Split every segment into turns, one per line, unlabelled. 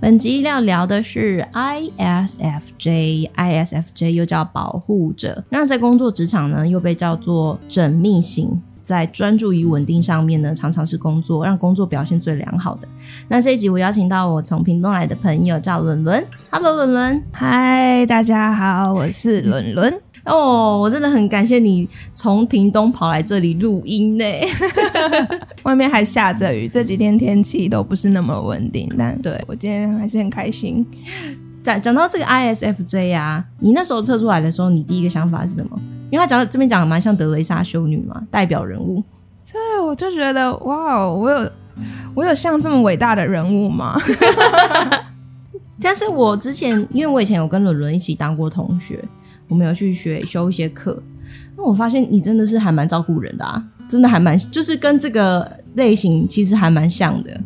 本集要聊的是 ISFJ，ISFJ 又叫保護者。那在工作職場呢，又被叫做縝密型。在專注於穩定上面呢，常常是工作讓工作表現最良好的。那這一集我邀請到我從屏東來的朋友叫倫倫。Hello，倫倫。嗨，大家好，我是倫倫。 哦，我真的很感謝你從屏東跑來這裡錄音呢。 外面還下着雨，這幾天天氣都不是那麼穩定，但對，我今天還是很開心。講講到這個 ISFJ 啊，你那時候測出來的時候，你第一個想法是什麼？因為他講到這邊講的蠻像德雷莎修女嘛，代表人物。
這我就覺得哇哦，我有我有
像這麼偉大的人物嗎？ 但是我之前，因為我以前有跟倫倫一起當過同學。沒有去學修一些課，那我發現你真的是還蠻照顧人的啊，真的還蠻就是跟這個類型其實還蠻像的。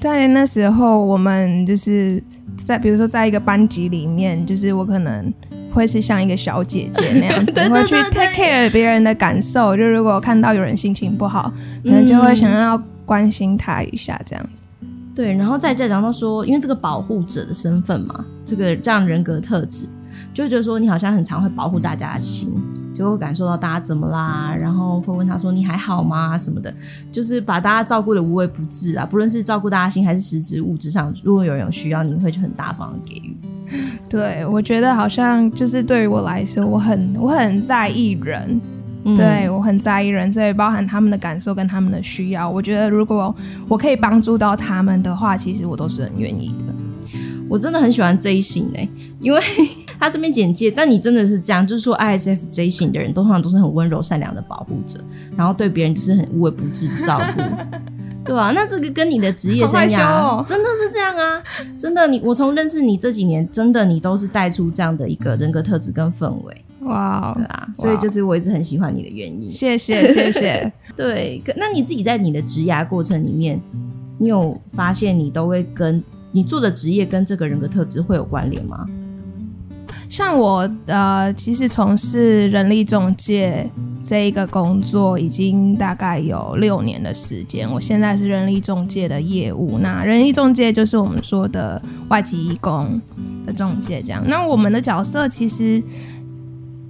在那時候，我們就是在比如說在一個班級裡面，就是我可能會是像一個小姐姐那樣子， 會去 take care 別人的感受。就如果看到有人心情不好，可能就會想要關心他一下這樣子。
嗯、對，然後再再講到說，因為這個保護者的身份嘛，這個這樣人格特質。就覺得說你好像很常會保護大家的心，就會感受到大家怎麼啦，然後會問他說你還好嗎？什麼的，就是把大家照顧得無微不至啊。不論是照顧大家心還是實質物質上，如果有人有需要，你會去很大方的給予。
對，我覺得好像就是對於我來說，我很我很在意人，嗯、對，我很在意人，所以包含他們的感受跟他們的需要，我覺得如果我可以幫
助到他們的話，其實我都是很願意的。我真的很喜歡這一型哎，因為。他這邊簡介，但你真的是這樣，就是說 ISFJ 型的人都通常都是很溫柔、善良的保護者，然後對別人就是很無微不至的照顧， 對啊，那這個跟你的職業生涯好害羞哦，真的是這樣啊！真的，你我從認識你這幾年，真的你都是帶出這樣的一個人格特質跟氛圍哇！Wow, 對啊，所以就是我一直很喜歡你的原因。謝、wow. 謝 謝謝。謝謝 對，那你自己在你的職涯過程裡面，你有發現你都會跟你做的職業跟這個人格特質會有關聯嗎？像我呃，其實從事人力仲介
這一個工作已經大概有六年的時間。我現在是人力仲介的業務，那人力仲介就是我們說的外籍移工的仲介這樣。那我們的角色其實。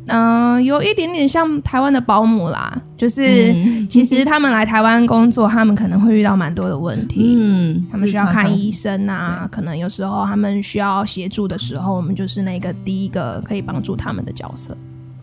嗯、呃，有一點點像台灣的保姆啦就是其實他們來台灣工作， 他們可能會遇到蠻多的問題，嗯，他們
需要看醫
生啊，查查可能有時候他們需要協助的時候，我們
就是那個第一個可以幫助他們的角色。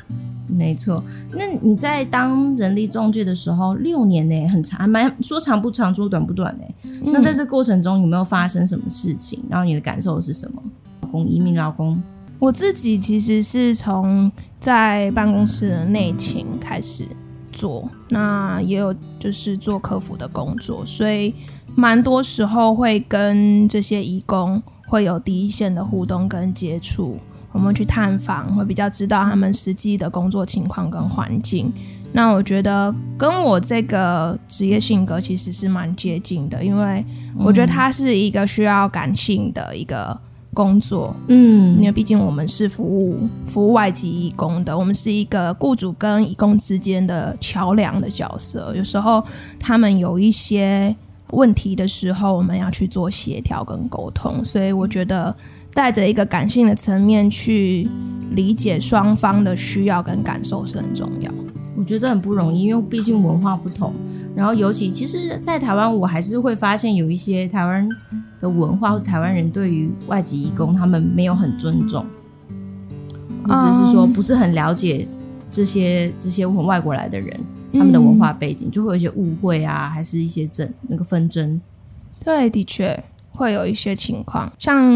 嗯、沒錯，那你在當人力仲介的時候，六年呢、欸，很長，蠻，說長不長，說短不短呢、欸，嗯。那在這過程中有沒有發生什麼事情？然後你的感受是什麼？老公移民，老、嗯、公。
我自己其實是從在辦公室的內勤開始做，那也有就是做客服的工作，所以蠻多時候會跟這些移工會有第一線的互動跟接觸。我們去探訪，會比較知道他們實際的工作情況跟環境。那我覺得跟我這個職業性格其實是蠻接近的，因為我覺得他是一個需要感性的一個工作，嗯，因為畢竟我們是服務服務外籍移工的，我們是一個雇主跟移工之間的橋梁的角色。有時候他們有一些問題的時候，我們要去做協調跟溝通。所以我覺得帶着一個感性的層
面去理解雙方的需要跟感受是很重要。我覺得這很不容易，因為畢竟文化不同。然後，尤其其實，在台灣，我還是會發現有一些台灣的文化，或者台灣人對於外籍移工，他們沒有很尊重，um，或者是，是說不是很了解這些這些我們外國來的人，他們的文化背景，嗯、就會有一些誤會啊，還是一些爭那個紛爭。
對，的確會有一些情況，像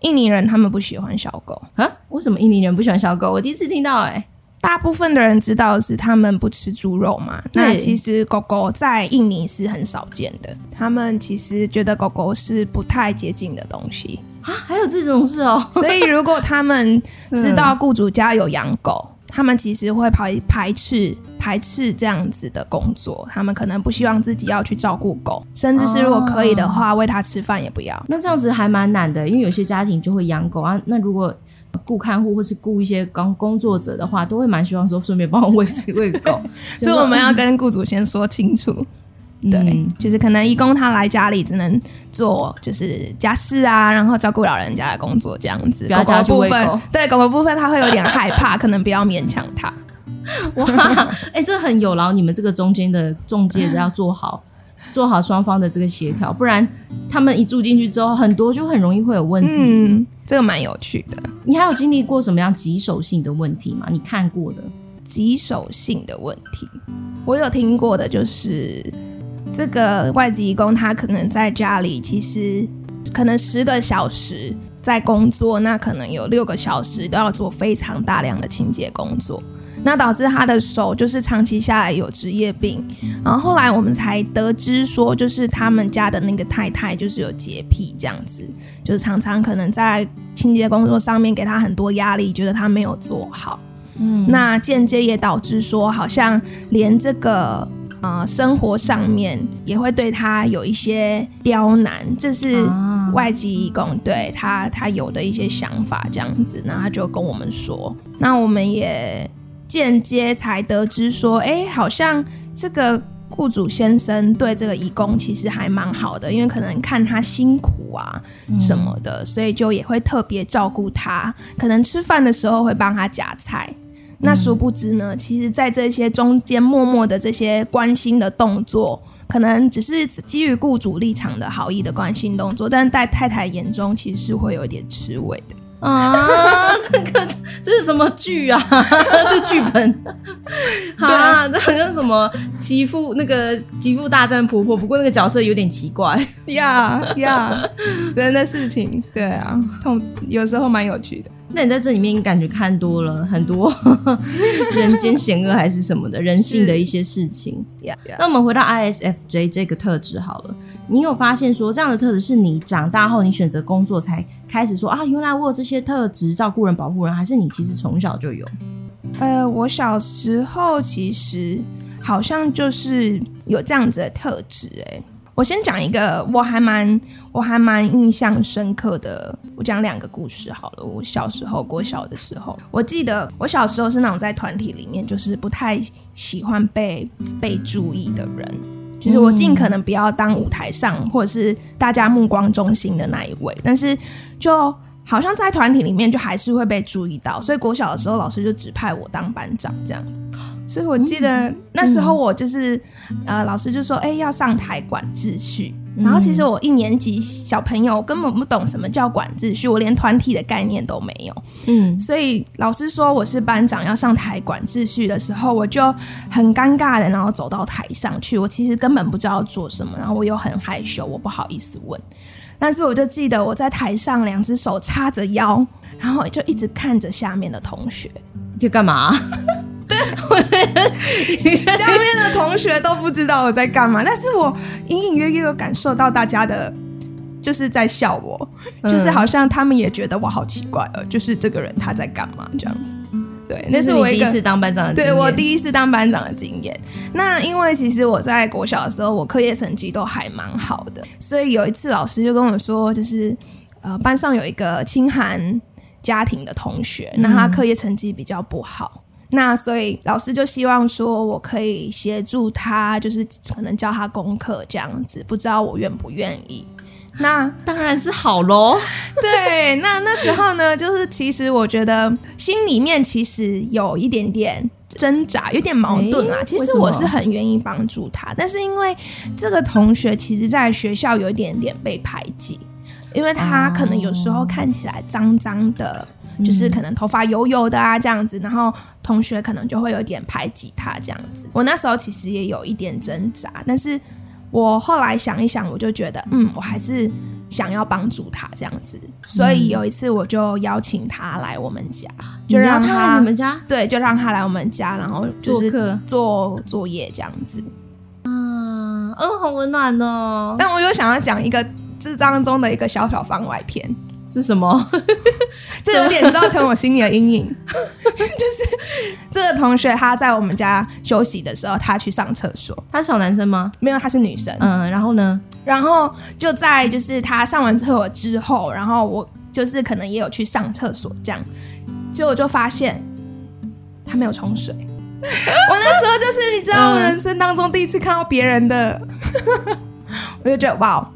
印尼人他們不喜歡小狗啊？為什麼印尼人不喜歡小狗？我第一次聽到、欸，哎。大部分的人知道的是他們不吃豬肉嘛。那其實狗狗在印尼是很少見的，他們其實覺得狗狗是不太接近的東西
啊。還有這種事哦，所以如果
他們知道雇主家有養狗，嗯，他們其實會排排斥排斥這樣子的工作，他們可能不希望自己要去照顧狗，甚至是如果可以的
話，啊、餵他吃飯也不要。那這樣子還蠻難的，因為有些家庭就會養狗啊。那如果雇看護或是雇一些工工作者的話，都會蠻希望說順便幫我餵食餵狗， 所以我們要跟雇主先說清楚。
嗯、對，
就是可能移工他來家裡
只能做就是家事啊，然後照顧老人家的工作這樣子。狗狗部分，狗
對狗狗部分，他會有點害怕， 可能不要勉強他。哇，哎、 欸，這很有勞你們這個中間的中介都要做好。嗯做好雙方的這個協調，不然他們一住進去之後，很多就很容易會有問題。嗯，這個蠻有趣的。你還有經歷過什麼樣棘手性的問題嗎？你看過的棘手性的問
題，我有聽過的，就是這個外籍移工他可能在家裡，其實可能十個小時在工作，那可能有六個小時都要做非常大量的清潔工作，那導致他的手就是長期下來有職業病，然後後來我們才得知說，就是他們家的那個太太就是有潔癖這樣子，就是常常可能在清潔工作上面給他很多壓力，覺得他沒有做好。嗯，那間接也導致說，好像連這個呃生活上面也會對他有一些刁難，這是外籍移工對他他有的一些想法這樣子，那他就跟我們說，那我們也。間接才得知說，哎、欸，好像這個雇主先生對這個移工其實還蠻好的，因為可能看他辛苦啊什麼的，嗯、所以就也會特別照顧他。可能吃飯的時候會幫他夾菜。那殊不知呢，嗯、其實在這些中間默默的這些關心的動作，可能只是基於雇主立場的好意的關心動作，但在太太眼中其實是會有點吃味的。啊，
這個這是什麼劇啊？這劇本，啊，啊這好像什麼媳婦那個媳婦大戰婆婆，不過那個角色有點奇怪，呀呀，人的事情，對啊，痛，有時候蠻有趣的。那你在這裡面，感覺看多了很多人間險惡還是什麼的， 人性的一些事情。Yeah. 那我們回到 ISFJ 這個特質好了，你有發現說這樣的特質是你長大後你選擇工作才開始說啊？原來我有這些特質，照顧人、保護人，還是你其實從小就有？
呃，我小時候其實好像就是有這樣子的特質，欸，哎。我先講一個我還蠻我還蠻印象深刻的，我講兩個故事好了。我小時候，我小的時候，我記得我小時候是那種在團體裡面就是不太喜歡被被注意的人，就是我盡可能不要當舞台上或者是大家目光中心的那一位，但是就。好像在團體裡面就還是會被注意到，所以國小的時候老師就指派我當班長這樣子。所以我記得那時候我就是，嗯、呃，老師就說：“哎、欸，要上台管秩序。”然後其實我一年級小朋友根本不懂什麼叫管秩序，我連團體的概念都沒有。嗯，所以老師說我是班長要上台管秩序的時候，我就很尷尬的，然後走到台上去。我其實根本不知道做什麼，然後我又很害羞，我不好意思問。但是我就記得我在台上兩隻手叉着腰，然後就一直看着下面的同學就幹嘛。 下面的同學都不知道我在幹嘛，但是我隱隱約約有感受到大家的，就是在笑我，就是好像他們也覺得我好奇怪，就是這個人他在幹嘛，這樣子。那是，我，是第我第一次當班
長的經驗。對，我第
一次當班長的經驗。那因為其實我在國小的時候，我課業成績都還蠻好的，所以有一次老師就跟我說，就是，呃，班上有一個清寒家庭的同學，那他課業成績比較不好。嗯，那所以老師就希望說我可以協助他，就是可能教他功課這樣子，不知道我願不願意。那當然是好嘍。 對，那那時候呢，就是其實我覺得心裡面其實有一點點掙扎，有點矛盾啊、欸。其實我是很願意幫助他，但是因為這個同學其實，在學校有一點點被排擠，因為他可能有時候看起來髒髒的、哦，就是可能頭髮油油的啊這樣子、嗯，然後同學可能就會有點排擠他這樣子。我那時候其實也有一點掙扎，但是。我後來想一想，我就覺得，嗯，我還是想要幫助他這樣子，所以有一次我就邀請他來我們家，嗯、就讓他我們家對，就讓他來我們家，然後就是做，做客做作業這樣子，
嗯，哦、好溫暖哦。但我又想要講
一個這當中的一個小小番外篇。是什麼？ 這有點造成我心裡的陰影。 就是這個同學，他在我們家休息的時候，他去上廁所。他是小男生嗎？沒有，他是女生。嗯，然後呢？然後就在就是他上完廁所之後，然後我就是可能也有去上廁所，這樣，結果就發現他沒有沖水。 我那時候就是你知道，我人
生當中第一次看到別人的， 我就覺得哇。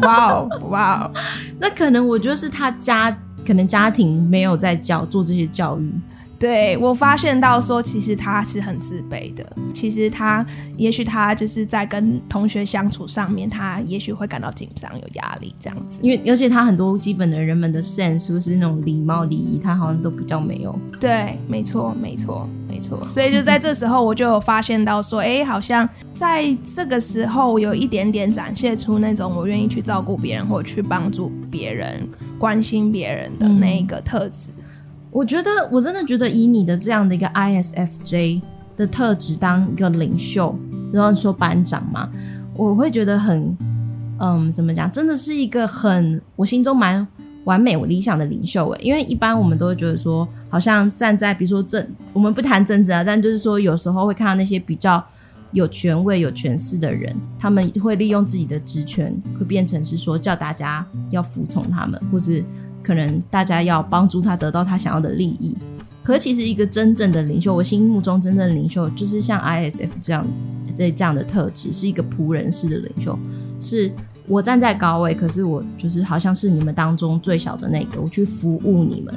哇哦哇哦，那可能我覺得是他家可能家庭沒有在教做這些教育。
對我發現到說，其實他是很自卑的。其實他也許他就是在跟同學相處上面，他也許會感到緊張、有壓力
這樣子，因為尤其他很多基本的人們的 sense，就是那種禮貌禮儀，他好像都比較沒有。
對，沒錯，
沒錯。沒錯，所以就在
這時候，我就有發現到說，哎、嗯欸，好像在這個時候有一點點展現出那種我願意去照顧別人或者去幫助別人、關心別人的那一個特
質。我覺得，我真的覺得以你的這樣的一個 ISFJ 的特質當一個領袖，然後你說班長嘛，我會覺得很，嗯，怎麼講，真的是一個很我心中蠻。完美，我理想的領袖誒，因為一般我們都會覺得說，好像站在比如說政，我們不談政治啊，但就是說有時候會看到那些比較有權位、有權勢的人，他們會利用自己的職權，會變成是說叫大家要服從他們，或是可能大家要幫助他得到他想要的利益。可是其實一個真正的領袖，我心目中真正的領袖，就是像 ISF 這樣這這樣的特質，是一個僕人式的領袖，是。我站在高位，可是我就是好像是你們當中最小的那個，我去服務你們。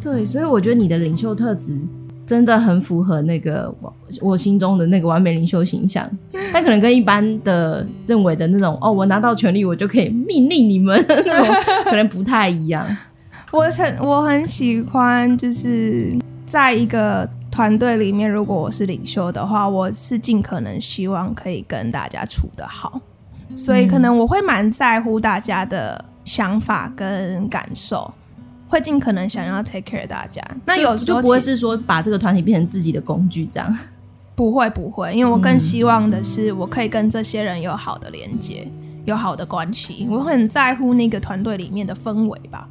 對，所以我覺得你的領袖特質真的很符合那個我我心中的那個完美領袖形象，但可能跟一般的認為的那種 哦，我拿到權力我就可以命令你們那種 可能不太一樣。
我很我很喜歡，就是在一個團隊裡面，如果我是領袖的話，我是盡可能希望可以跟大家處得好。所以可能我會蠻在乎大家的想法跟感受，會盡可能想要 take care 大家。那有就，就不會是說
把這個團體變成自己的工具這樣？
不會不會，因為我更希望的是，我可以跟這些人有好的連接，有好的關係。我很在乎那個團隊裡面的氛圍吧。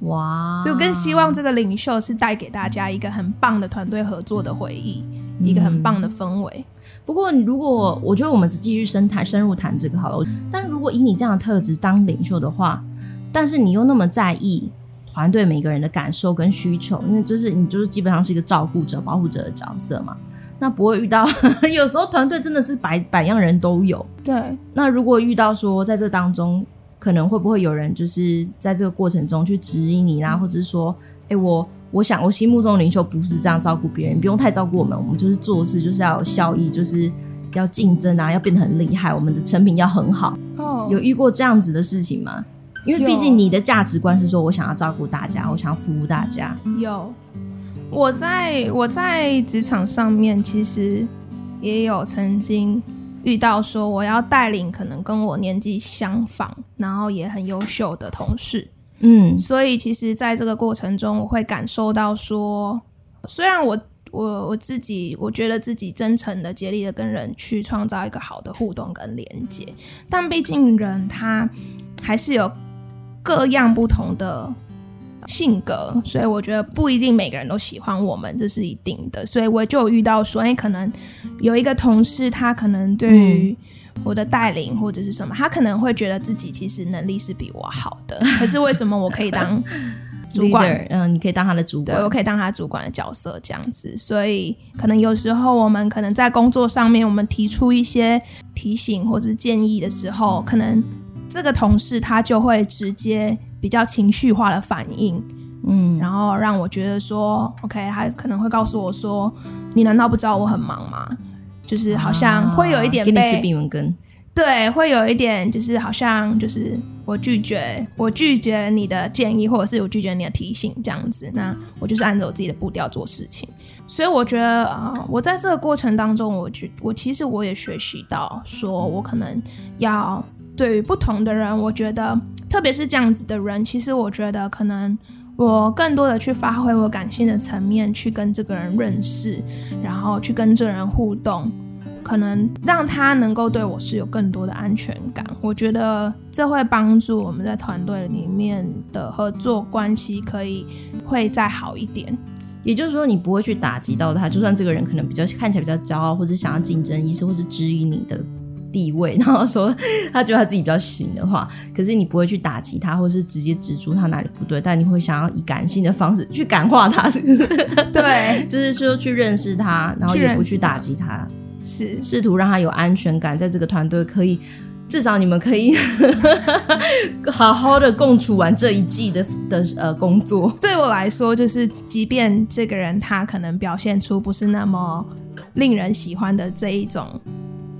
哇！就更
希望這個領袖是帶給大家一個很棒的團隊合作的回憶，
嗯、一個很棒的氛圍。不過，你如果我覺得我們只繼續深談深入談這個好了。但如果以你這樣的特質當領袖的話，但是你又那麼在意團隊每個人的感受跟需求，因為就是你就是基本上是一個照顧者、保護者的角色嘛。那不會遇到 有時候團隊真的是百百樣人都有。對。那如果遇到說在這當中，可能會不會有人就是在這個過程中去質疑你啦、啊，或者是說，哎我。我想，我心目中的領袖不是這樣照顧別人，不用太照顧我們。我們就是做事，就是要有效益，就是要競爭啊，要變得很厲害。我們的成品要很好。哦，有遇過這樣子的事情嗎？因為畢竟你的價值觀是說我想要照顧大家，我想要服務大家。
有，我在我在職場上面，其實也有曾經遇到說，我要帶領可能跟我年紀相仿，然後也很優秀的同事。嗯，所以其實在這個過程中，我會感受到說，雖然我我我自己我覺得自己真誠的、竭力的跟人去創造一個好的互動跟連接，但畢竟人他還是有各樣不同的性格，所以我覺得不一定每個人都喜歡我們，這是一定的。所以我就有遇到說，誒、欸，可能有一個同事他可能對於，嗯。我的帶領或者是什麼，他可能會覺得自己其實能力是比我好的， 可是為什麼我可以當
主管？嗯 ，uh, 你可以當他的主管，對，我可
以當他主管的角色這樣子，所以可能有時候我們可能在工作上面，我們提出一些提醒或是建議的時候，可能這個同事他就會直接比較情緒化的反應，嗯，然後讓我覺得說，OK，他可能會告訴我說，你難道不知道我很忙嗎？就是好像會有一點給你吃閉門羹，對，會有一點就是好像就是我拒絕我拒絕你的建議，或者是我拒絕你的提醒這樣子，那我就是按照我自己的步調做事情。所以我覺得啊，我在這個過程當中，我覺我其實我也學習到，說我可能要對於不同的人，我覺得特別是這樣子的人，其實我覺得可能。我更多的去發揮我感性的層面，去跟這個人認識，然後去跟這個人互動，可能讓他能夠對我是有更多的安全感。我覺得這會幫助我們在團隊裡面的合作關係可以會
再好一點。也就是說，你不會去打擊到他，就算這個人可能比較看起來比較驕傲，或是想要競爭意識，或是質疑你的地位，然後說他覺得他自己比較行的話，可是你不會去打擊他，或是直接指出他哪裡不對，但你會想要以感性的方式去感化他，是不是對，就是說去認識他，然後也不去打擊他，他是試圖讓他有安全感，在這個團隊可以至少你們可以 好好的共處完這一季的的，的呃工作。對我來
說，就是即便這個人他可能表現出不是那麼令人喜歡的這一種。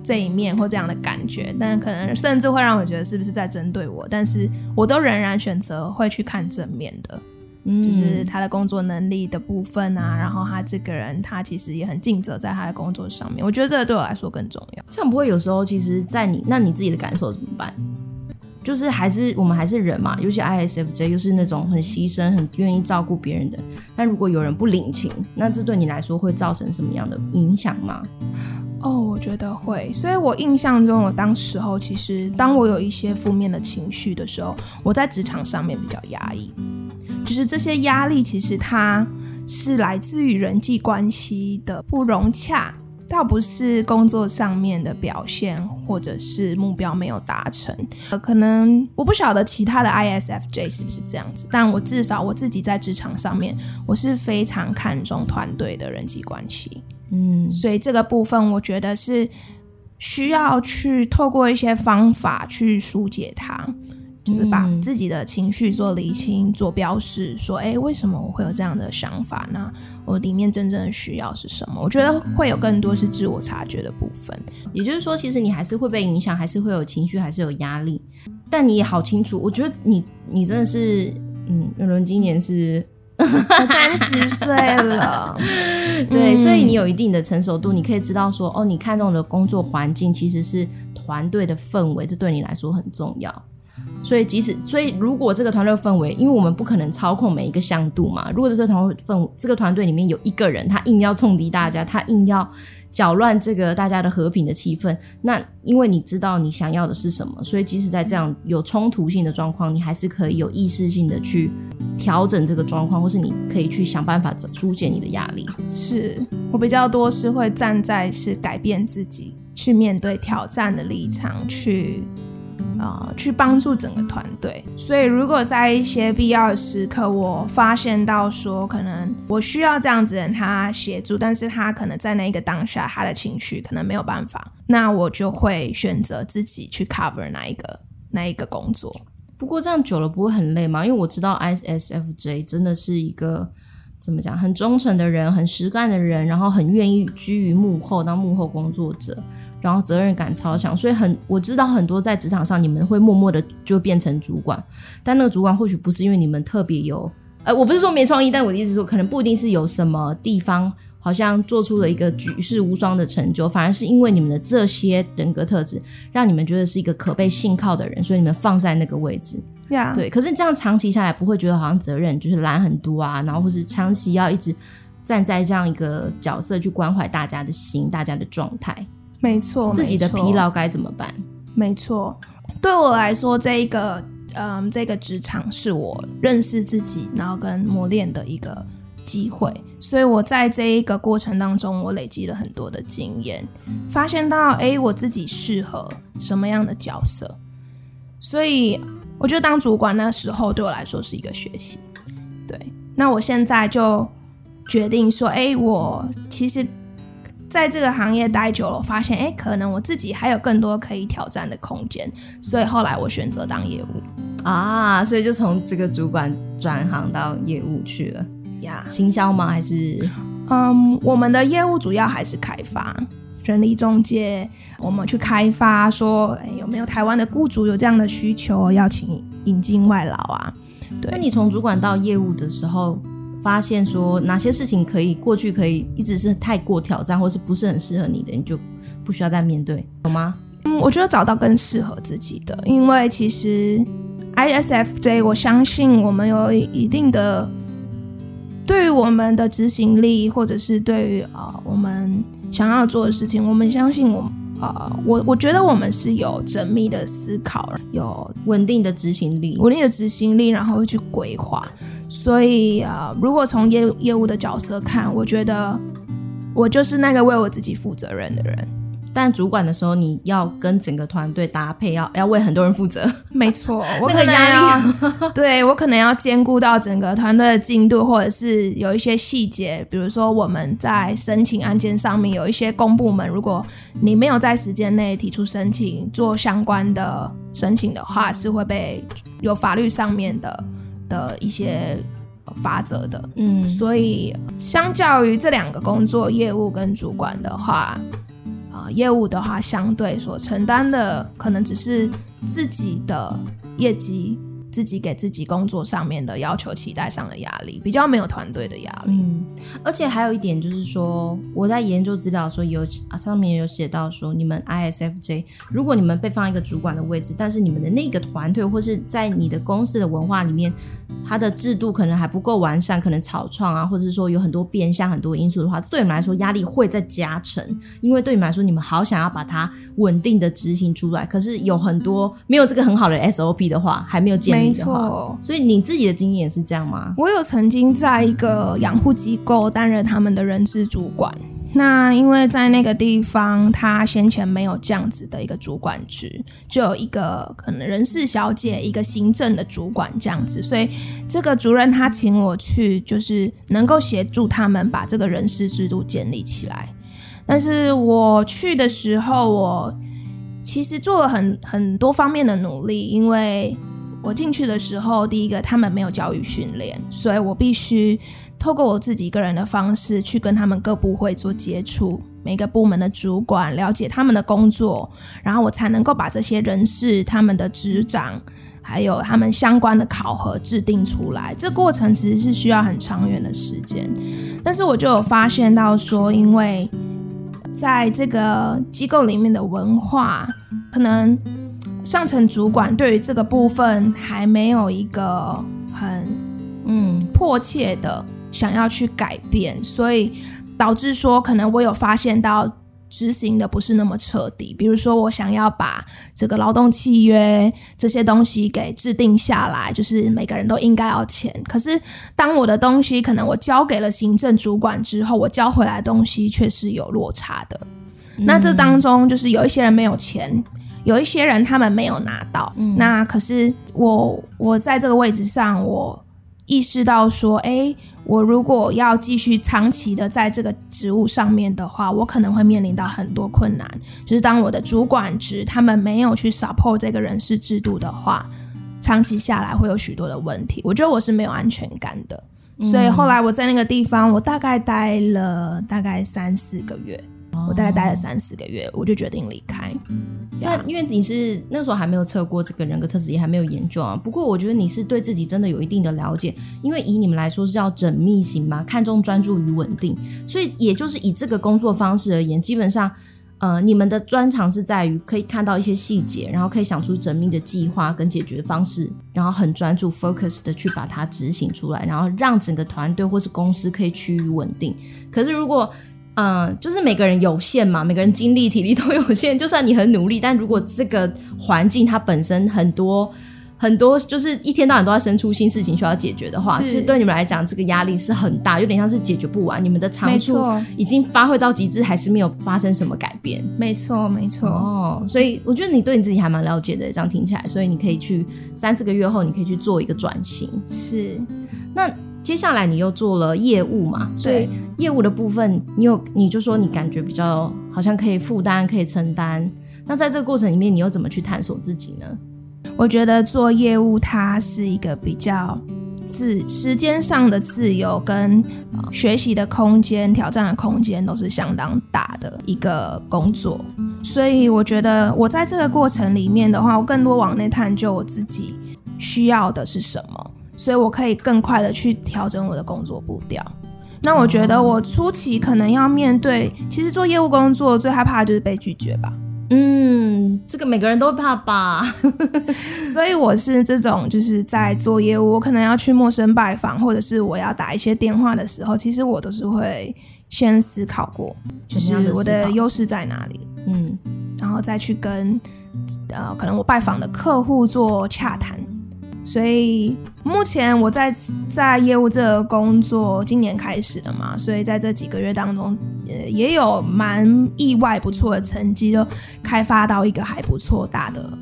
這一面或這樣的感覺，但可能甚至會讓我覺得是不是在針對我，但是我都仍然選擇會去看正面的，嗯，就是他的工作能力的部分啊，然後他這個人他其實也很盡責在他的工作上面，
我覺得這個對我來說更重要。這樣不會有時候其實在你，那你自己的感受怎麼辦？就是還是我們還是人嘛，尤其 ISFJ 又是那種很犧牲、很願意照顧別人的。但如果有人不領情，那這對你來說會造成什麼樣的影響嗎？
哦，我覺得會。所以我印象中，我當時候其實當我有一些負面的情緒的時候，我在職場上面比較壓抑。就是這些壓力其實它是來自於人際關係的不融洽。倒不是工作上面的表現，或者是目標沒有達成，可能我不曉得其他的 ISFJ 是不是這樣子，但我至少我自己在職場上面，我是非常看重團隊的人際關係，嗯，所以這個部分我覺得是需要去透過一些方法去紓解它。就是把自己的情緒做理清、嗯、做標示，說：“哎，為什麼我會有這樣的想法呢？那我裡面真正的需要是什麼？”我覺得會有更多是自我
察覺的部分、嗯。也就是說，其實你還是會被影響，還是會有情緒，還是有壓力，但你也好清楚。我覺得你，你真的是，嗯，倫倫今年是三十歲了， 對、嗯，所以你有一定的成熟度，你可以知道說：“哦，你看中的工作環境其實是團隊的氛圍，這對你來說很重要。”所以，即使所以，如果這個團隊氛圍，因為我們不可能操控每一個向度嘛。如果這個團隊氛圍，這個團隊裡面有一個人，他硬要衝擊大家，他硬要攪亂這個大家的和平的氣氛，那因為你知道你想要的是什麼，所以即使在這樣有衝突性的狀況，你還是可以有意識性的去調整這個狀況，或是你可以去想辦法疏解你的壓力。
是我比較多是會站在是改變自己去面對挑戰的立場去。啊、呃，去幫助整個團隊。所以，如果在一些必要的時刻，我發現到說，可能我需要這樣子人他協助，但是他可能在那一個當下，他的情緒可能沒有辦法，那我就會選擇自己去 cover 那一個那一個工作。
不過這樣久了不會很累嗎？因為我知道 ISFJ 真的是一個怎麼講，很忠誠的人，很實幹的人，然後很願意居於幕後當幕後工作者。然後責任感超強，所以很我知道很多在職場上你們會默默的就變成主管，但那個主管或許不是因為你們特別有，呃，我不是說沒創意，但我的意思是說可能不一定是有什麼地方好像做出了一個舉世無雙的成就，反而是因為你們的這些人格特質讓你們覺得是一個可被信靠的人，所以你們放在那個位置，yeah. 對。可是這樣長期下來不會覺得好像責任就是攬很多啊，然後或是長期要一直站在這樣一個角色去關懷大家的心、大家的狀態。沒錯，沒錯，自己的疲勞該怎麼辦？
沒錯，對我來說，這一個嗯、呃，這個職場是我認識自己，然後跟磨練的一個機會。所以我在這一個過程當中，我累積了很多的經驗，發現到誒，我自己適合什麼樣的角色。所以我覺得當主管那時候，對我來說是一個學習。對，那我現在就決定說，哎，我其實。在這個行業待久了，我發現哎，可能我自己還有更多可以挑戰的空間，所以後來我選擇
當業務啊，所以就從這個主管轉行到業務去了呀。Yeah. 行銷嗎？還是？嗯，um, 我們的業務主要還是開發
人力中介，我們去開發說，哎，有沒有台灣的雇主有這樣的需
求要請引進外勞啊。對。那你從主管到業務的時候？發現說哪些事情可以過去，可以一直是太過挑戰，或是不是很適合你的，你就不需要再面對，懂嗎？嗯，我覺得找到更適合自己的，因為其
實 ISFJ，我相信我們有一定的對於我們的執行力，或者是對於啊、呃、我們想要做的事情，我們相信我們。啊，uh，我我覺得我們是有縝密的思考，有穩定的執行力，穩定的執行力，然後去規劃。所以啊，uh，如果從業業務的角色看，我覺得我就是那個為我自己負責任
的人。但主管的時候，你要跟整個團隊搭配，要要為很多人負責。
沒錯， 我可能要，那個壓力很 對我可能要兼顧到整個團隊的進度，或者是有一些細節，比如說我們在申請案件上面，有一些公部門，如果你沒有在時間內提出申請，做相關的申請的話，是會被有法律上面的的一些罰則的。嗯，所以相較於這兩個工作，業務跟主管的話。業務的話，相對所承擔的可能只是自己的業績，自己給自己工作上面的要求，期待上的壓力，比較沒有團
隊的壓力。嗯，而且還有一點就是說，我在研究資料的時候有啊，上面有寫到說，你們 ISFJ 如果你們被放一個主管的位置，但是你們的那個團隊或是在你的公司的文化裡面。它的制度可能還不夠完善，可能草創啊，或者是說有很多變相、很多因素的話，對你們來說壓力會再加成。因為對你們來說，你們好想要把它穩定的執行出來，可是有很多沒有這個很好的 SOP 的話，還沒有建立的話，沒錯。所以你自己的經驗是這樣嗎？
我有曾經在一個養護機構擔任他們的人事主管。那因為在那個地方，他先前沒有這樣子的一個主管職，就有一個可能人事小姐，一個行政的主管這樣子，所以這個主任他請我去，就是能夠協助他們把這個人事制度建立起來。但是我去的時候，我其實做了很很多方面的努力，因為我進去的時候，第一個他們沒有教育訓練，所以我必須。透過我自己個人的方式去跟他們各部會做接觸，每個部門的主管了解他們的工作，然後我才能夠把這些人事、他們的職掌，還有他們相關的考核制定出來。這個過程其實是需要很長遠的時間，但是我就有發現到說，因為在這個機構裡面的文化，可能上層主管對於這個部分還沒有一個很嗯迫切的想要去改變，所以導致說，可能我有發現到執行的不是那麼徹底。比如說，我想要把這個勞動契約這些東西給制定下來，就是每個人都應該要簽。可是，當我的東西可能我交給了行政主管之後，我交回來的東西卻是有落差的。嗯、那這當中，就是有一些人沒有錢，有一些人他們沒有拿到。嗯、那可是我，我在這個位置上，我意識到說，誒、欸。我如果要繼續長期的在這個職務上面的話，我可能會面臨到很多困難。就是當我的主管職他們沒有去 support 這個人事制度的話，長期下來會有許多的問題。我覺得我是沒有安全感的。嗯。所以後來我在那個地方，我大概待了大概三四個月。我大概待了三
四個月，我就決定離開。但、嗯、因為你是那時候還沒有測過這個人格特質，也還沒有研究啊。不過我覺得你是對自己真的有一定的了解，因為以你們來說是叫縝密型嘛，看重專注與穩定。所以也就是以這個工作方式而言，基本上，呃，你們的專長是在於可以看到一些細節，然後可以想出縝密的計劃跟解決方式，然後很專注 focus 的去把它執行出來，然後讓整個團隊或是公司可以趨於穩定。可是如果嗯，就是每個人有限嘛，每個人精力體力都有限。就算你很努力，但如果這個環境它本身很多很多，就是一天到晚都要生出新事情需要解決的話是，其實對你們來講，這個壓力是很大，有點像是解決不完。你們的長處已經發揮到極致，還是沒有發生什麼改變。沒錯，沒錯。哦，所以我覺得你對你自己還蠻了解的，這樣聽起來，所以你可以去三四個月後，你可以去做一個轉型。是，那。接下來你又做了業務嘛？所以業務的部分，你有你就說你感覺比較好像可以負擔、可以承擔。那在這個過程裡面，你又怎麼去探索自己呢？
我覺得做業務它是一個比較自，時間上的自由、跟學習的空間、挑戰的空間都是相當大的一個工作。所以我覺得我在這個過程裡面的話，我更多往內探究我自己需要的是什麼。所以，我可以更快的去調整我的工作步調。那我覺得，我初期可能要面對，其實做業務工作最害怕
的就是被拒絕吧。嗯，這個每個人都會怕吧。 所以
我是這種，就是在做業務，我可能要去陌生拜訪，或者是我要打一些電話的時候，其實我都是會先思考過，就是我的優勢在哪裡。嗯，然後再去跟呃，可能我拜訪的客戶做洽談。所以。目前我在在業務這個工作今年開始的嘛，所以在這幾個月當中，呃，也有蠻意外不錯的成績，就開發到一個還不錯大的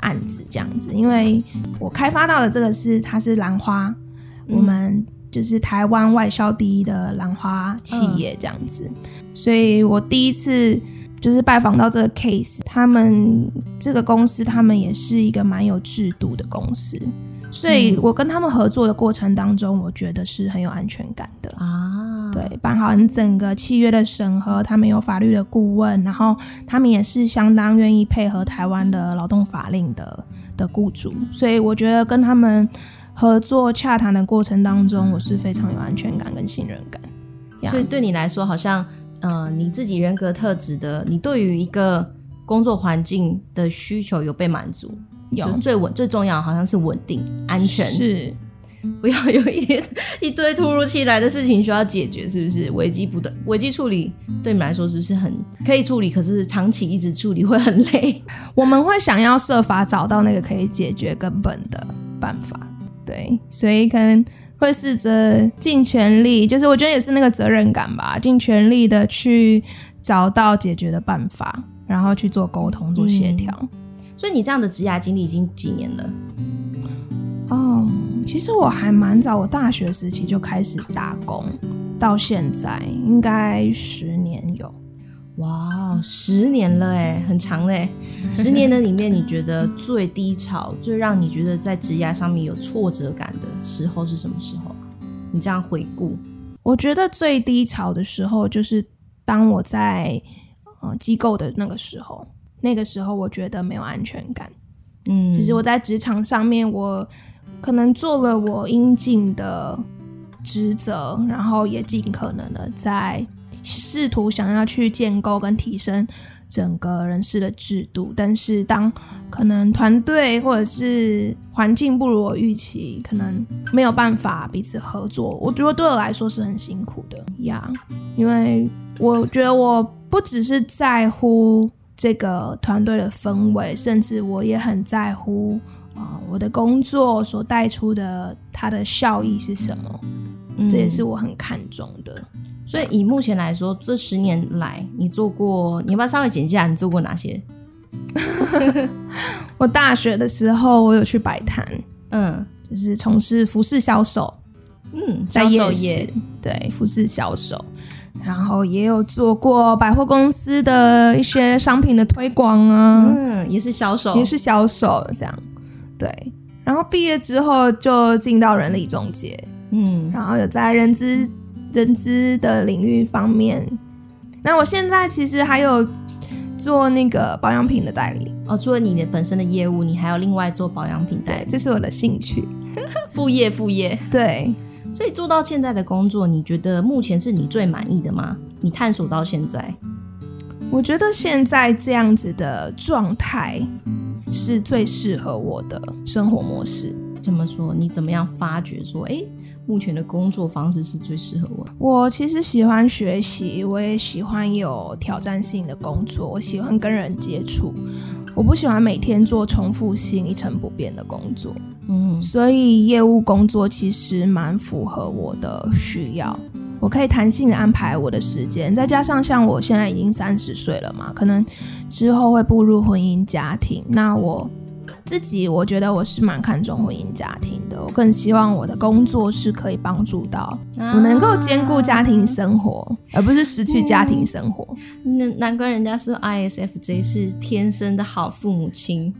案子這樣子。因為我開發到的這個是它是蘭花，嗯，我們就是台灣外銷第一的蘭花企業這樣子，嗯，所以我第一次就是拜訪到這個 case，他們這個公司他們也是一個蠻有制度的公司。所以，我跟他們合作的過程當中，我覺得是很有安全感的啊。對，辦好，你整個契約的審核，他們有法律的顧問，然後他們也是相當願意配合台灣的勞動法令的的雇主。所以，我覺得跟他們合作洽談的過程當中，我是非常有安全感跟信任感。Yeah. 所以，
對你來說，好像嗯、呃，你自己人格特質的，你對於一個工作環境的需求有被滿足。有就最穩最重要的，好像是穩定安全，是不要有一點一堆突如其來的事情需要解決，是不是危機不對？危機處理對你們來說是不是很可以處理？可是長期一直處理會很累。我們會想要設法找到那個可以解決根
本的辦法，對，所以可能會試着盡全力，就是我覺得也是那個責任感吧，盡全力的去找到解決的辦法，然後去做溝通做協調。嗯
所以你這樣的職涯經歷已經幾年
了？哦，其實我還蠻早，我大學時期就開始打
工，到現在應該十年有。哇，十年了欸，很長嘞！ 十年的裡面，你覺得最低潮、最讓你覺得在職涯上面有挫折感的時候是什麼時候、啊？你這樣回顧，我覺得最低潮的時候就是當我在、呃、機構
的那個時候。那個時候我覺得沒有安全感，
嗯，其實我
在職場上面，我可能做了我應盡的職責，然後也盡可能的在試圖想要去建構跟提升整個人事的制度，但是當可能團隊或者是環境不如我預期，可能沒有辦法彼此合作，我覺得對我來說是很辛苦的一樣，yeah, 因為我覺得我不只是在乎。這個團隊的氛圍、嗯，甚至我也很在乎啊、呃，我
的工作所帶出的它的效益是什麼，
嗯、這也是
我很看重的，嗯嗯。所以以目前來說，這十年來你做過，你要不要稍微簡介、啊、你做過哪些？
我大學的時候，我有去擺攤，嗯，就是從事服飾銷售，
嗯，銷售業，
對，服飾銷售。然後也有做過百貨公司的一些商品的推廣啊，嗯，也是銷售，也是銷售這樣，對。然後畢業之後就進到人力中介，
嗯，然
後有在人資、人資的領域方面。那我現在其實還有
做那個保養品的代理哦。除了你的本身的業務，你還有另外做保養品代理，對，這是我的興趣， 副業副業，對。所以做到現在的工作，你覺得目前是你最滿意的嗎？你探索到現在，我覺得現在這樣子的狀態是最適合我的生活模式。怎麼說？你怎麼樣發掘說，欸，目前的工作方式是最適合我？
我其實喜歡學習，我也喜歡有挑戰性的工作，我喜歡跟人接觸。我不喜歡每天做重複性一成不變的工作，嗯，所以業務工作其實蠻符合我的需要。我可以彈性安排我的時間，再加上像我現在已經三十歲了嘛，可能之後會步入婚姻家庭，那我自己，我覺得我是蠻看重婚姻家庭的。我更希望我的工作是可以幫助到我，能夠兼
顧家庭生
活，啊，而不是失去家庭生
活。難、嗯、難怪人家說 ISFJ 是天生的好父母親，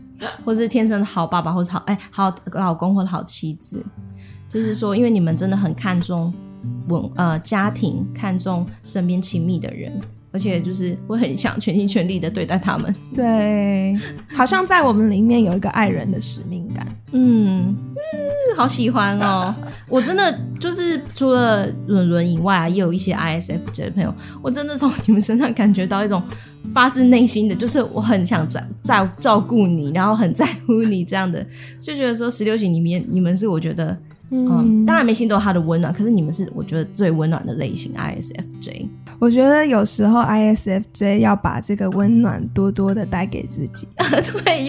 或者是天生的好爸爸，或者好哎、欸、好老公，或者好妻子。就是說，因為你們真的很看重我，呃家庭，看重身邊親密的人。而且就是我很想全心全力的對待他們，
對，
好像在我們裡
面有一個愛人
的使命感，嗯，嗯好喜歡哦！ 我真的就是除了倫倫以外啊，也有一些 ISFJ 的朋友，我真的從你們身上感覺到一種發自內心的，就是我很想照在照顧你，然後很在乎你這樣的，就覺得說十六型裡面你們是我覺得。嗯，嗯，當然，明星都有他的溫暖，可是你們是我覺得最溫暖的類型，ISFJ。
我覺得有時候 ISFJ 要把這個溫暖多多的帶給自己。啊、
對，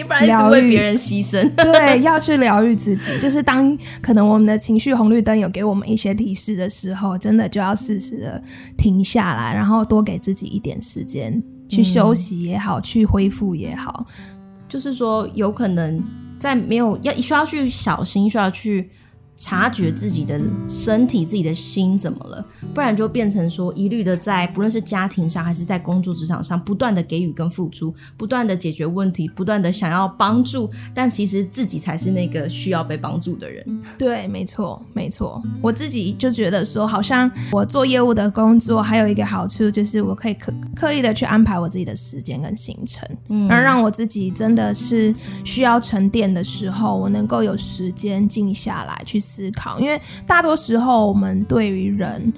不然一直為別人犧牲。對，要
去療癒自己， 就是當可能我們的情緒紅綠燈有給我們一些提示的時候，真的就要適時的停下來，然後多給自己一點時間去休息
也好，去恢復也好，嗯。就是說，有可能在沒有要需要去小心，需要去。察覺自己的身體、自己的心怎麼了？不然就變成說，一律的在不論是家庭上還是在工作職場上，不斷的給予跟付出，不斷的解決問題，不斷的想要幫助，但其實自己才是那個需要被幫助的人。
對，沒錯，沒錯。我自己就覺得說，好像我做業務的工作，還有一個好處就是我可以刻刻意的去安排我自己的時間跟行程，嗯，而讓我自己真的是需要沉澱的時候，我能夠有時間靜下來去。思考，因為大多時候我們對於人，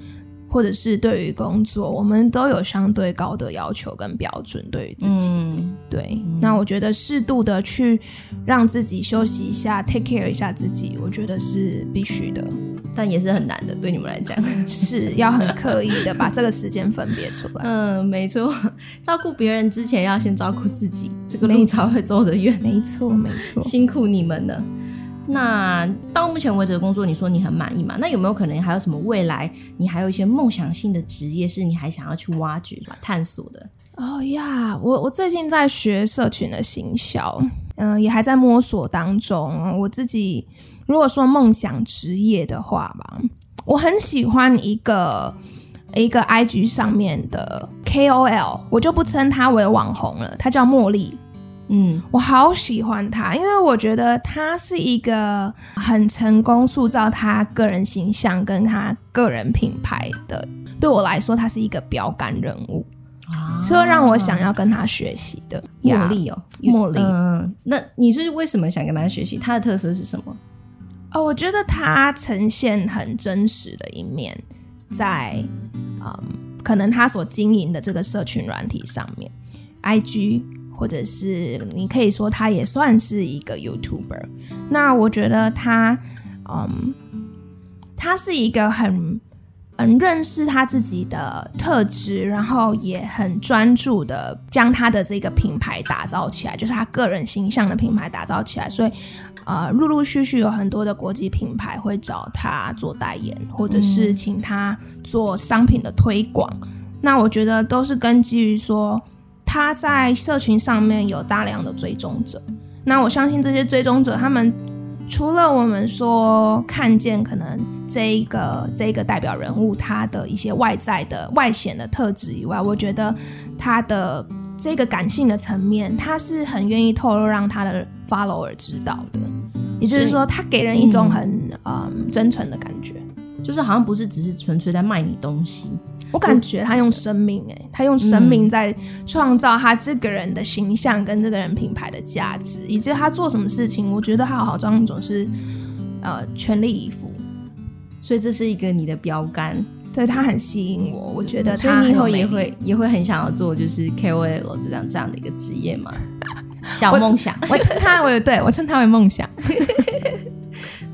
或者是對於工作，我們都有相對高的要求跟標準，對於自己。嗯、對、嗯，那我覺得適度的去讓自己休息一下，take
care 一下自己，我覺得是必須的，但也是很難的。對你們來講，是要很刻意的把這個時間分別出來。 嗯，沒錯，照顧別人之前要先照顧自己，這個路才會走得遠。沒錯，沒錯，辛苦你們了。那到目前為止的工作，你說你很滿意嘛？那有沒有可能還有什麼未來？你還有一些夢想性的職業，是你還想要去挖掘、探索的？
哦呀，我我最近在學社群的行銷，嗯，也還在摸索當中。我自己如果說夢想職業的話吧，我很喜歡一個一個 IG 上面的 KOL，我就不稱他為網紅了，他叫茉莉。嗯，我好喜歡他，因為我覺得他是一個很成功塑造他個人形象跟他個人品牌的，對我來說，他是一個標杆人物，啊，所以讓我想要跟他學習的茉莉哦
，yeah, 茉莉，嗯，呃。那你是為什麼想跟他學習？他的特色是什麼？哦，我覺得他呈現很真實的一面，
在，嗯，可能他所經營的這個社群軟體上面，IG。或者是你可以說他也算是一個 YouTuber，那我覺得他，嗯，他是一個很很認識他自己的特質，然後也很專注的將他的這個品牌打造起來，就是他個人形象的品牌打造起來。所以，呃，陸陸續續有很多的國際品牌會找他做代言，或者是請他做商品的推廣，嗯。那我覺得都是根基於說。他在社群上面有大量的追蹤者，那我相信這些追蹤者，他們除了我們說看見可能這一個這一個代表人物他的一些外在的外顯的特質以外，我覺得他的這個感性的層面，他是很願意透露讓他的 follower 知道的，也就是說，他給人一種很嗯，嗯真誠的感覺，
就是好像不是只是純粹在賣你東西。我感
覺，我覺他用生命、欸，哎，他用生命在創造他這個人的形象跟這個人品牌的價值，以及他做什麼事情，我覺得他好像總是、
呃，全力以赴，所以這是一個你的標杆，對，他很吸引我，我覺得他以，以後也會也會很想要做就是 KOL 這樣這樣的一個職業嘛，小夢想，我稱 他
為，對，我稱他為夢想。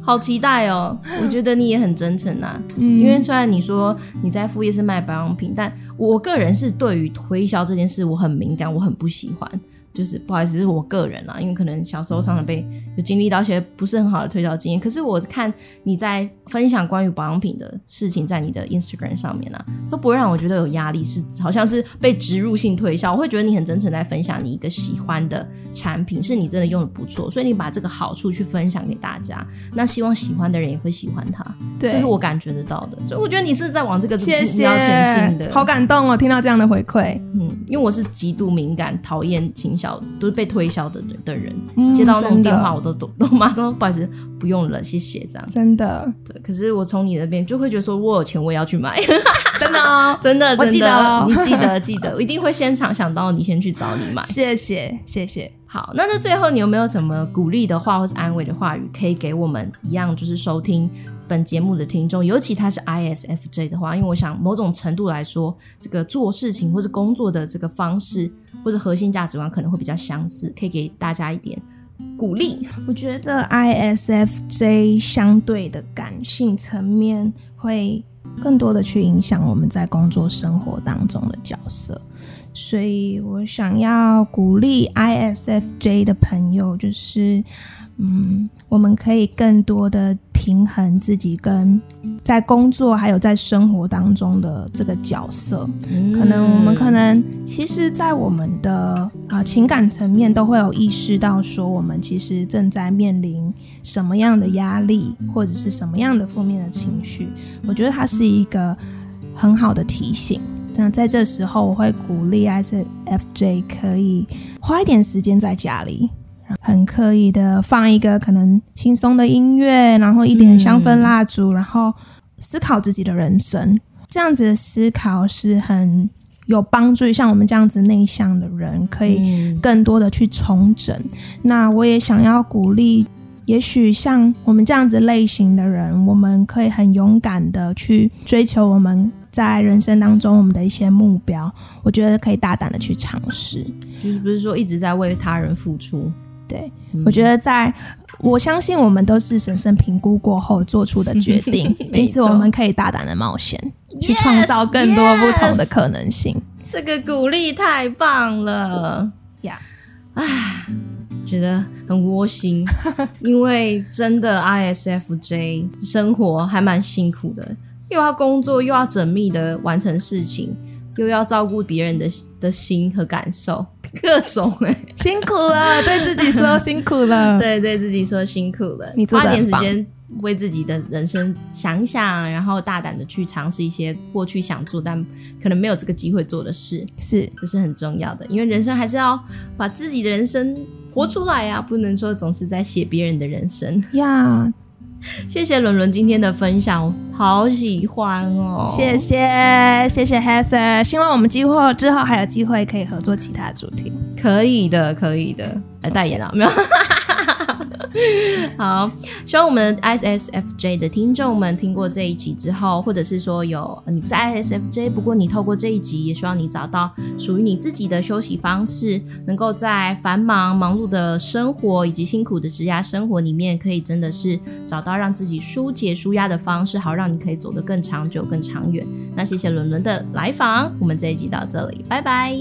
好期待哦！我覺得你也很真誠吶、啊， 因為雖然你說你在副業是賣保養品，但我個人是對於推銷這件事我很敏感，我很不喜歡。就是不好意思，是我個人啦，因為可能小時候常常被就經歷到一些不是很好的推銷經驗。可是我看你在分享關於保養品的事情在你的 Instagram 上面呢、啊，都不會讓我覺得有壓力，是好像是被植入性推銷，我會覺得你很真誠在分享你一個喜歡的產品，是你真的用的不錯，所以你把這個好處去分享給大家，那希望喜歡的人也會喜歡它。對，這是我感覺得到的，所以我覺得你是在往這個目標前進的。謝謝，好感動哦！聽到這樣的回饋，嗯，因為我是極度敏感，討厭傾銷，都是被推銷的的人、嗯，接到那種電話我都都馬上說不好意思，不用了，謝謝這樣，真的。可是我從你那邊就會覺得說，我有錢，我也要去買，哈哈哈，真的哦 真的，真的，我記得、哦，你記得，記得，我一定會先想想到你，先去找你買。謝謝，謝謝。好，那在最後，你有沒有什麼鼓勵的話或者安慰的話語，可以給我們一樣，就是收聽本節目的聽眾，尤其他是 ISFJ 的話，因為我想某種程度來說，這個做事情或是工作的這個方式或者核心價值觀可能會比較相似，可以給大家一點。鼓勵，我覺得
ISFJ 相對的感性層面會更多的去影響我們在工作生活當中的角色，所以我想要鼓勵 ISFJ 的朋友，就是，嗯。我們可以更多的平衡自己跟在工作還有在生活當中的這個角色，嗯、可能我們可能其實，在我們的啊、呃、情感層面都會有意識到說，我們其實正在面臨什麼樣的壓力或者是什麼樣的負面的情緒。我覺得它是一個很好的提醒。那在這時候，我會鼓勵 ISFJ 可以花一點時間在家裡。很刻意的放一個可能輕鬆的音樂，然後一點香氛蠟燭，然後思考自己的人生。這樣子的思考是很有幫助，像我們這樣子內向的人，可以更多的去重整。嗯，那我也想要鼓勵，也許像我們這樣子類型的人，我們可以很勇敢的去追求我們在人生當中我們的一些目標。我覺得可以大膽的去嘗試，
就是不是說一直在為他人付出。
對，我覺得在，我相信我們都是審慎評估過後做出的決定。因 此我們可以大膽的冒險， 去創造更多不同的可
能性。Yes, yes. 這個鼓勵太棒了呀！Yeah. 唉，覺得很窩心， 因為真的 ISFJ 生活還蠻辛苦的，又要工作，又要縝密的完成事情。又要照顧別人的的心和感受，各種欸，辛苦了，對自己說辛苦了， 對對自己說辛苦了。你花點時間為自己的人生想想，然後大膽的去嘗試一些過去想做但可能沒有這個機會做的事，是，這是很重要的，因為人生還是要把自己的人生活出來啊，不能說總是在寫別人的人生呀。Yeah. 謝謝倫倫今天的分享，好喜歡哦！謝謝
謝謝 Hasser，希望我們今後之後還有機會可以合作其他主題，
可以的，可以的，來代言了沒有？ 好，希望我們 ISFJ 的聽眾們聽過這一集之後，或者是說有你不是 ISFJ，不過你透過這一集，也希望你找到屬於你自己的休息方式，能夠在繁忙忙碌的生活以及辛苦的職涯生活裡面，可以真的是找到讓自己紓解、紓壓的方式，好讓你可以走得更長久、更長遠。那謝謝倫倫的來訪，我們這一集到這裡，拜拜。